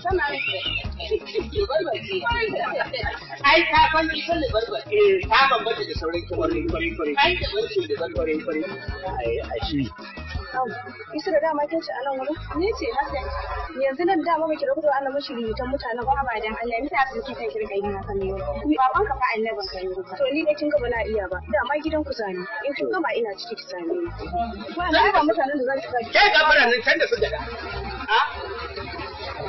Ai ta ban ita da barbar. Eh, ta bambanta da sauran kimanin kwarin kwarin. Ai da barbar da barbar kwarin. Ai a shi. Isa da dama kin ci a nan wurin? Ni ce haka. Yanzu nan dama muke rubuta Allah mashi rubutan mutanen ba ba Allah ni ta san ki san kirga ina kan yau. Baban ka fa annabin kai. To ni da kin ga ba na iya ba. Dama gidan ku sani. In kin gaba ina ciki ki sani. Ba na ga mutanen da zan ci. Kai ga baranin can da su gada. Ah?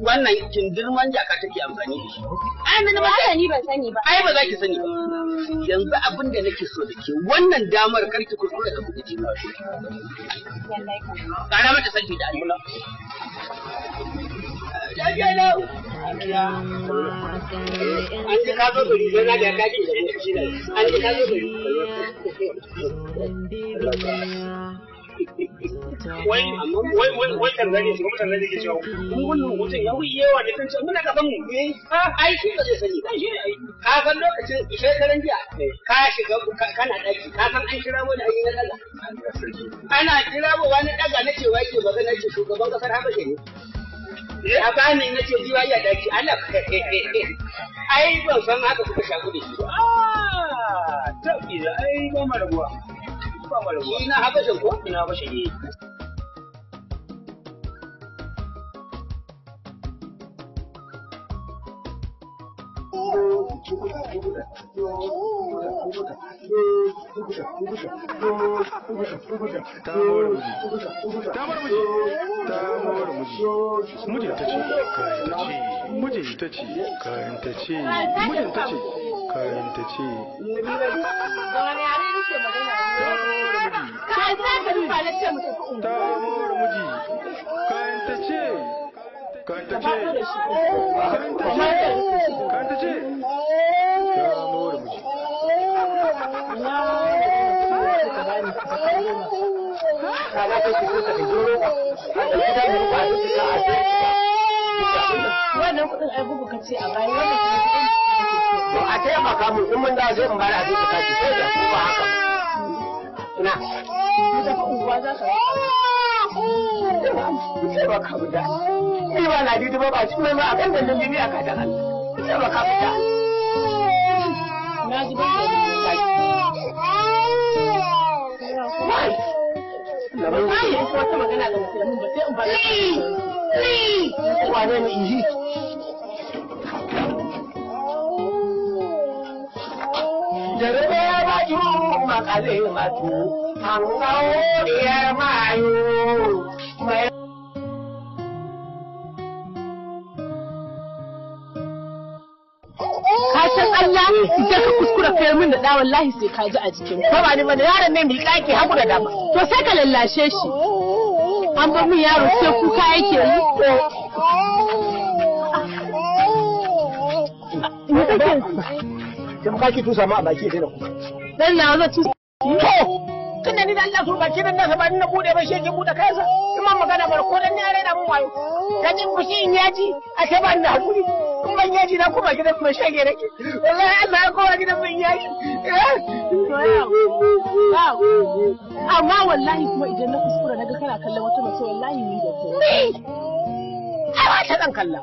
wannan kindirman jaka take amfani da shi. Ai mini ba sani ban sani ba. Ai ba za ki sani ba. Yanzu abin da nake so da ke wannan damar kar ki kuskura ka buɗe jima. Kara mata sarki da almuna. An ji ka zo bari yana da ka ji shi ne. An ji ka zo bari. wai wai wai wai shi kuma wannan ya muna gaban mu ai shi ba zai sani shi ka san lokacin shekaran jiya ka shiga kana daki ka san an kira mu da an ana kira mu wani daga na cewa yake magana ce shugaban kasar habasha ne a bani na ce jiwa ya daki ana ai ban san haka suka shaku da shi a tabi ai ba Ina habashin ko? Ina habashin ne. Eh. Mijinta ce, kayan ta ce, mijinta ce, kayan ta ce, mijinta ce, kayan ce ta mora miji ce ce ce ce wannan kudin ai kace a bayan wannan to a taimaka mun in mun dawo in bada da kake sai da ko ba haka ina ka ni ba na dudu ba ba shi ma a kan dandan duniya ka da Allah taimaka mu da na zuba da Wai! Wai! Wata magana da musulmin ba sai in ba da Wane ne in ji? kalimatu san oh, Allah eh. idan ka kuskura kai min da ɗa wallahi sai ka ji a jikin ko ba ni ba yaron ne bai kake haku da dama to sai ka lallashe shi an bar min yaro sai kuka yake yi ko oh, oh, me kake tusa ma a baki ya daina kuka Dan na zo ci. To, tun da ni da Allah surbaci dan nasa ba ni na bude ba shi bude kansa. Imam magana bar ko dan yare na mun wayo. Ka ji fushi in yaji a sai ba ni da hakuri. In ban yaji na kuma gidan mai shege nake. Wallahi Allah ya kowa gidan mai yaji. Eh. Amma wallahi kuma idan na kuskura na ga kana kallon wata mace wallahi ni da ke. Ai wata zan kallon.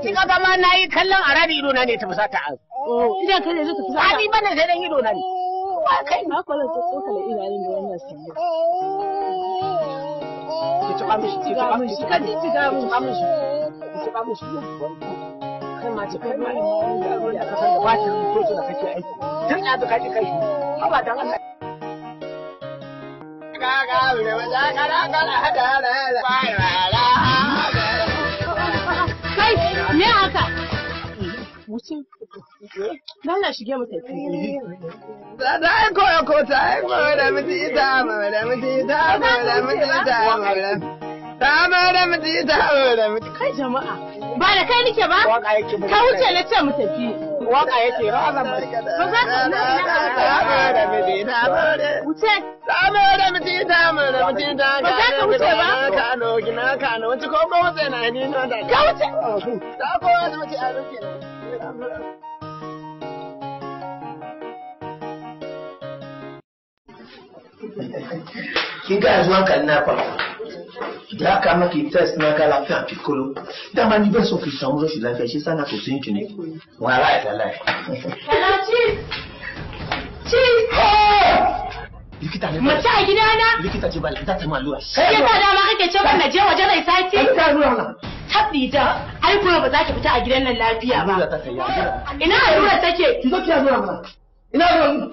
Kin ga ma na yi kallon a rani ido na ne ta fusata Ina kai da zuka kusa. Ani bane sai dan ido na kai na ko da idanun da wannan Ki ki ka ji Ki Kai ma ci kai ma ni da ruwa da da da kake aiki. Tun kai. dan Allah. Ga ga, ga ga, ga ga, ga ga, ga ga, ga ga, Lala shige mu tafi. Sada ai koyo ko ta ai koyo da miji ta ma da miji ta ma da miji ta ma da ta ma da miji ta ma da miji. Kai jama'a ba da kai nike ba? Ka wuce na ce mu tafi. Waka yake rawa zan bari. Ba za ka na ta da miji ta ma da. Wuce. Ta ma da miji ta ma da miji ta Ba za ka wuce ba? Kano gina Kano wace ko ko wuce na ni na da. Ka wuce. Ta ko wuce a rufe. kin ga yanzu hankali na kwanta da aka maki test na ga lafiya piccolo dama ni ban so ki samu rashin lafiya shi sana to sun tuni ne wala ya lafiya kana ci ci likita ne mace a na? likita ce ba likita ta maluwa sai ya ta ma kake ce ban je waje mai sati ta ruwa na tabbi ta ai kuma ba za ki fita a gidan nan lafiya ba ina allura take ki zo ki allura mana ina ruwa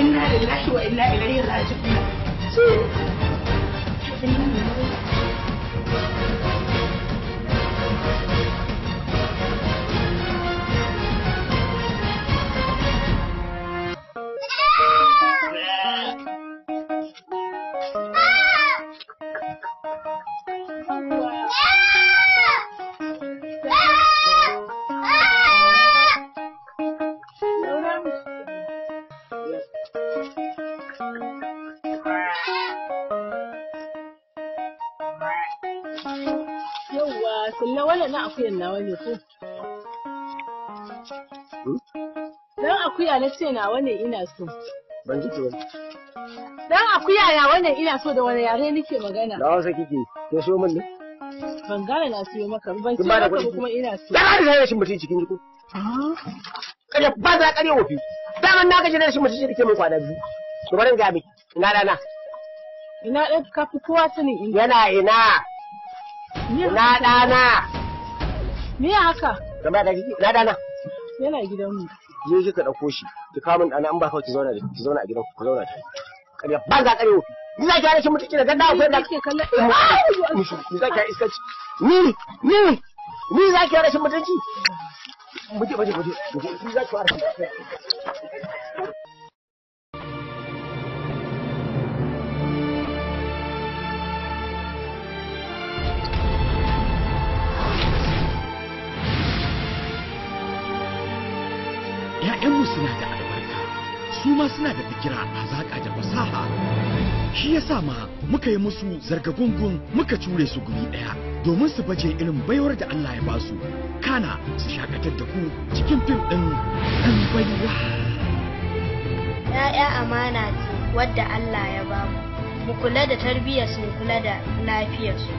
إنا لله وإنا إليه راجعون شوف kulle wala na akuyan nawa ne ko? Hmm? Dan akuya na ce nawa ne ina so. Ban ji to. Dan akuya na wannan ina so da wani yare nake magana. nawa sai kike, ke so min ne? Ban gane na siyo maka, ban siyo maka kuma ina so. Dan da rashin mutunci kin ji ko? Ah. kada ba za ka rewa biyu. na gaji da rashin mutunci da ke min kwana biyu. To bari in ga miki, ina dana Ina ɗan kafi kowa sanin ina. Yana ina. Na ɗana. Me haka? Gama da kike na ɗana. Yana gidanmu. Je ki ka ɗauko shi. Ki kawo min ɗana in ba kawai ki zauna ki zauna a gidan ku zauna tare. Ƙarya ba za ƙarya wofi. Ni za ki hana shi mutunci da gaggawa ko yadda Ni za ki iska ci. Ni ni ni za ki hana shi mutunci. Muje je muje je Ni za ki hana shi. ‘ya'yanmu suna da albarka su ma suna da fikira a zaƙa da fasaha shi ya sa ma muka yi musu zargagungun muka cure su guri ɗaya domin su baje irin baiwar da Allah ya basu kana su shakatar da ku cikin fim ɗin ɗan baiwa ‘ya'ya amana ce wadda Allah ya bamu mu kula da tarbiyya su kula da lafiyarsu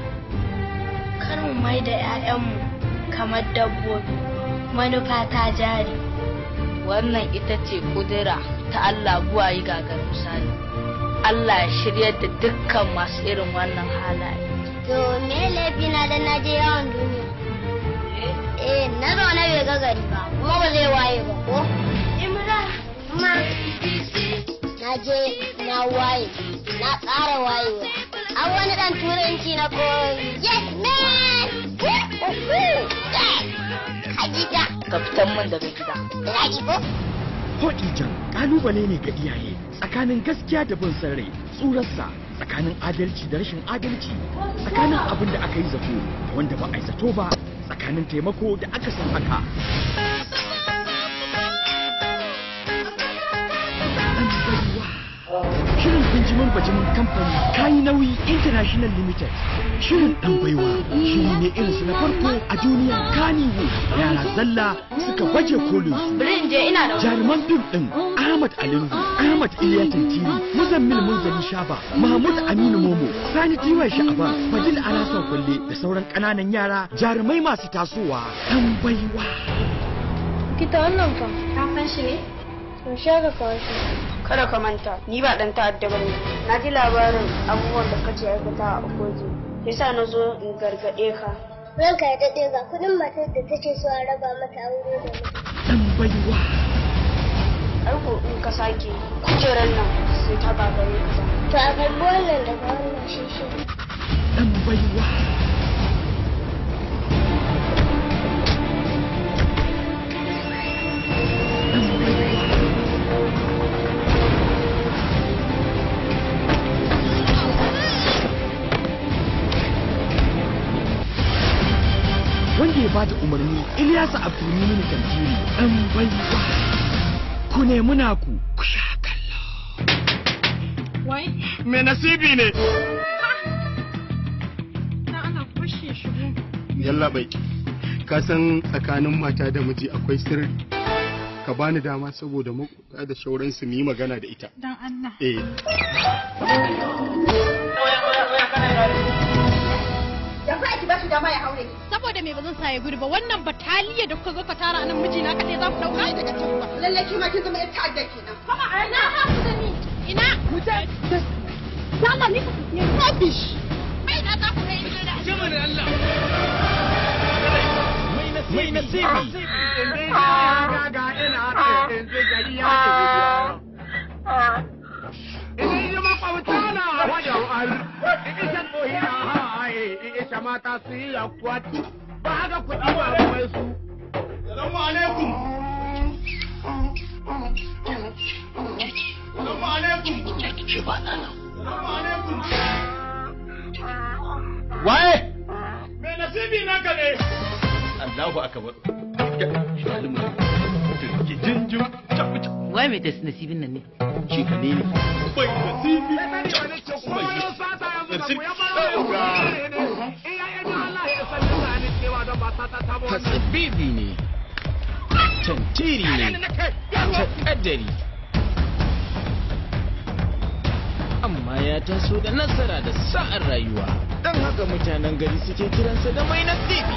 kar mu mai da 'ya'yanmu kamar dabbobi manufa ta jari wannan ita ce kudura ta Allah yi gagar misali Allah ya shirya da dukkan masu irin wannan halaye to me laifi na da na je yawon duniya eh, eh na zauna bai ga ba kuma ba zai waye ba ko imra ma na je na waye na ƙara wayewa an wani dan turanci na koyi yes man ka man min daga gida ko Hodijan kalubale ne ga iyaye tsakanin gaskiya da bin san rai tsurarsa tsakanin adalci da rashin adalci tsakanin abin da aka yi zato da wanda ba a yi zato ba tsakanin taimako da aka san haka bajin kamfanin kamfani kayi nauyi international limited shirin dan baiwa shiri ne irin su na farko a duniya kaniwo yara zalla suka baje kolin jaruman fim din ahmad alindu ahmad iliya tantiri muzammil munzali shaba mahmud aminu momo sani tiwa sha'aba fadil alasan kwalle da sauran kananan yara jarumai masu tasowa dan baiwa wannan fa ka shi ne to shaga kawai kada ka manta ni ba dan ta'adda ba ne na ji labarin abubuwan da kace aikata a ya yasa na zo in gargaɗe ka ka ya daɗe ga kuɗin matar da take so a raba mata aure da mu dan baiwa ko in ka sake kujerar nan sai ta gagare ka to a karɓi wannan daga wannan shi shi dan baiwa ba da umarni Ilyasu Abdulmumin Tantiri ɗan baiwa. Ku nemi naku ku sha kallo. Wai? Me nasibi ne? Na ana kwashe shigo. Yalla bai. Ka san tsakanin mata da miji akwai sirri. Ka bani dama saboda makwabta da shauransu mu yi magana da ita. Dan Allah. Eh. yanzu ake ba shi dama ya haure saboda me ba zan saye guri ba wannan bataliya da kuka zo ka tara anan miji na ka kaɗai za ku dauka ai daga can ba lallai ki ma kin zama yar ta'adda kenan kuma a na ha ku da ni ina mutan dama ni ku ne rubbish mai na za ku kai da jama'a da Allah mai nasibi in dai ah. ga ga ina ta ah. in dai gari ya ke in dai ma kwamtana wajen al in dai san bohina Aisha mata su yi akwati ba haka kuɗi ba mai su. Salamu alaikum. Salamu alaikum. Ke ba ɗana. Salamu alaikum. Waye? Mai nasibi na ka ne. Allahu akbar. Ki jinjin. Wai mai tasiri nasibin nan ne? Shi ka ne ne. Bai nasibi. Hatsibibi ne, tantiri ne, Amma ya taso da nasara da sa'ar rayuwa, don haka mutanen gari suke kiransa da mai nasibi.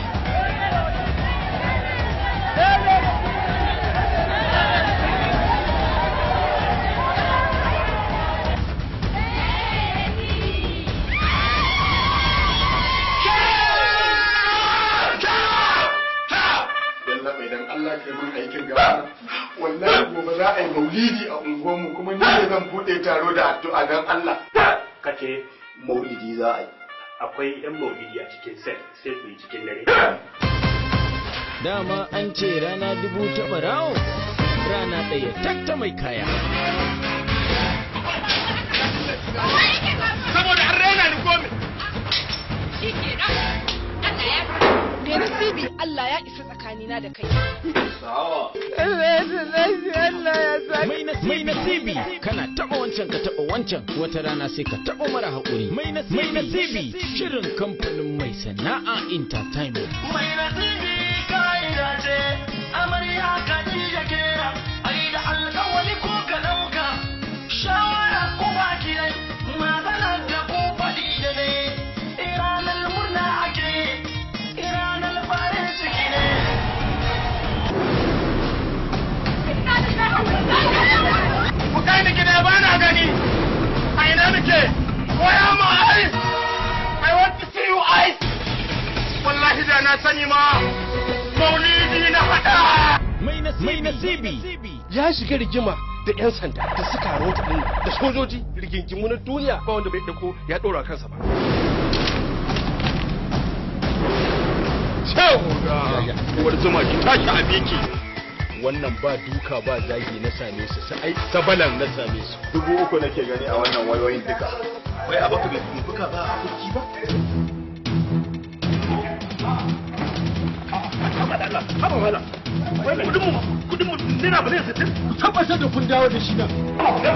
a yi maulidi a unguwarmu kuma ni ne zan buɗe taro da addu'a don Allah. Kace maulidi za a yi. Akwai 'yan maulidi a cikin set sai ne cikin dare. Dama an ce rana dubu ta barawo, rana ɗaya takta mai kaya. Saboda an raina ni komi. Shi ke Allah ya isa tsakanina da kai. Mai nasibi kana taɓa wancan ka taɓa wancan wata rana sai ka taɓa mara haƙuri. Mai nasibi shirin kamfanin mai sana'a entertainment. Mai nasibi ka'ida ce amarya kai gida ne ba na gani a ina muke where am I I want to see you eyes wallahi da na sani ma maulidi na hada mai nasibi ya shiga rigima da 'yan sanda da suka rota din da sojoji rigingimu na duniya ba wanda bai ɗauko ya ɗora kansa ba. Cewa! Uwar zuma ki tashi a biki! wannan ba duka ba zagi na same su sai sabalan na same su dubu uku nake gani a wannan wayoyin duka wai a baka bai duka ba a kuki ba wala, kudin mu, kudin ba ne Ku tabbatar da kun dawo da shi nan. Ba,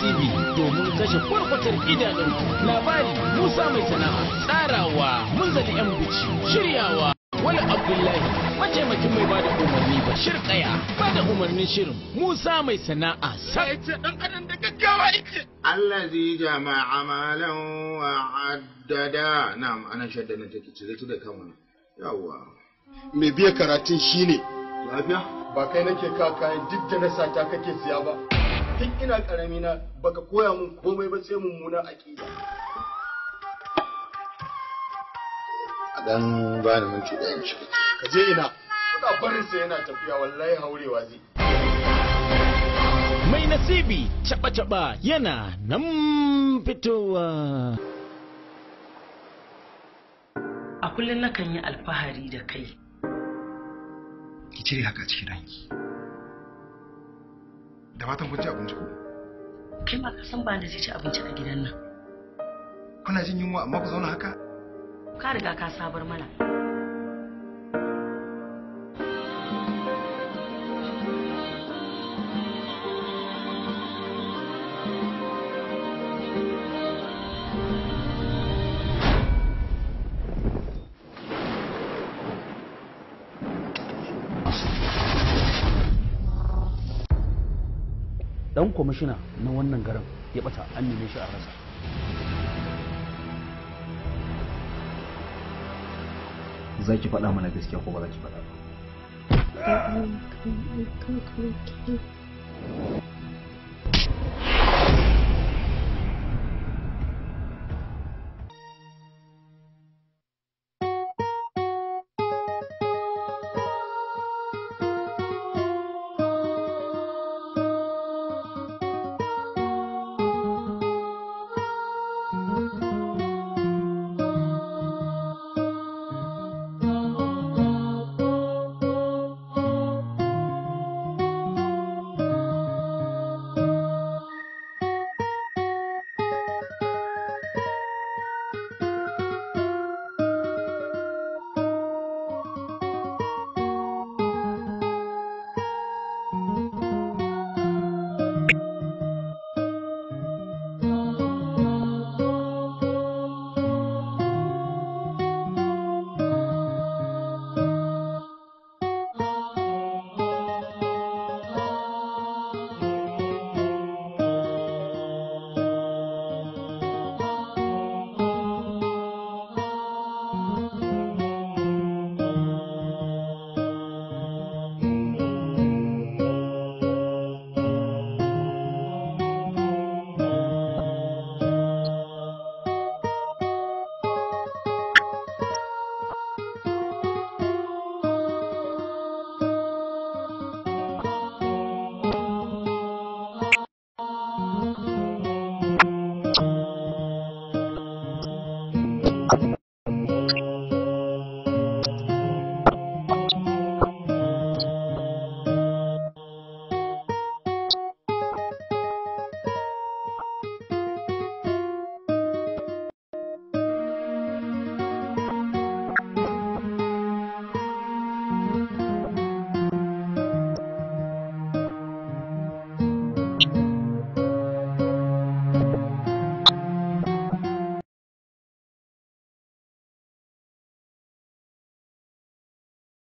TV domin kashe kwarkwatar idanun labari Musa mai sana'a tsarawa munzali yan bici shiryawa wani Abdullahi mataimakin mai bada umarni Bashir Kaya bada umarnin shirin Musa mai sana'a sai ce dan adam da gaggawa yake zai jama'a malan wa addada na'am ana shadda na take cire ta da kama yawa me biya karatun shine lafiya ba kai nake ka kayan duk da na sata kake siya ba tun ina karami na baka koya mun komai ba sai mummuna aqida a dan ba ni minti ka je ina kuna barin sa yana tafiya wallahi haurewa zai mai nasibi caba yana nan fitowa a kullum nakan yi alfahari da kai ki cire haka cikin ranki da fatan kun ci abinci ko kai ma ka san ba da zai ci abinci a gidan nan kuna jin yunwa amma ku zauna haka ka riga ka sabar mana babban kwamishina na wannan garin ya bata an neme shi a rasa za ki faɗa mana gaskiya ko ba za ki faɗa ba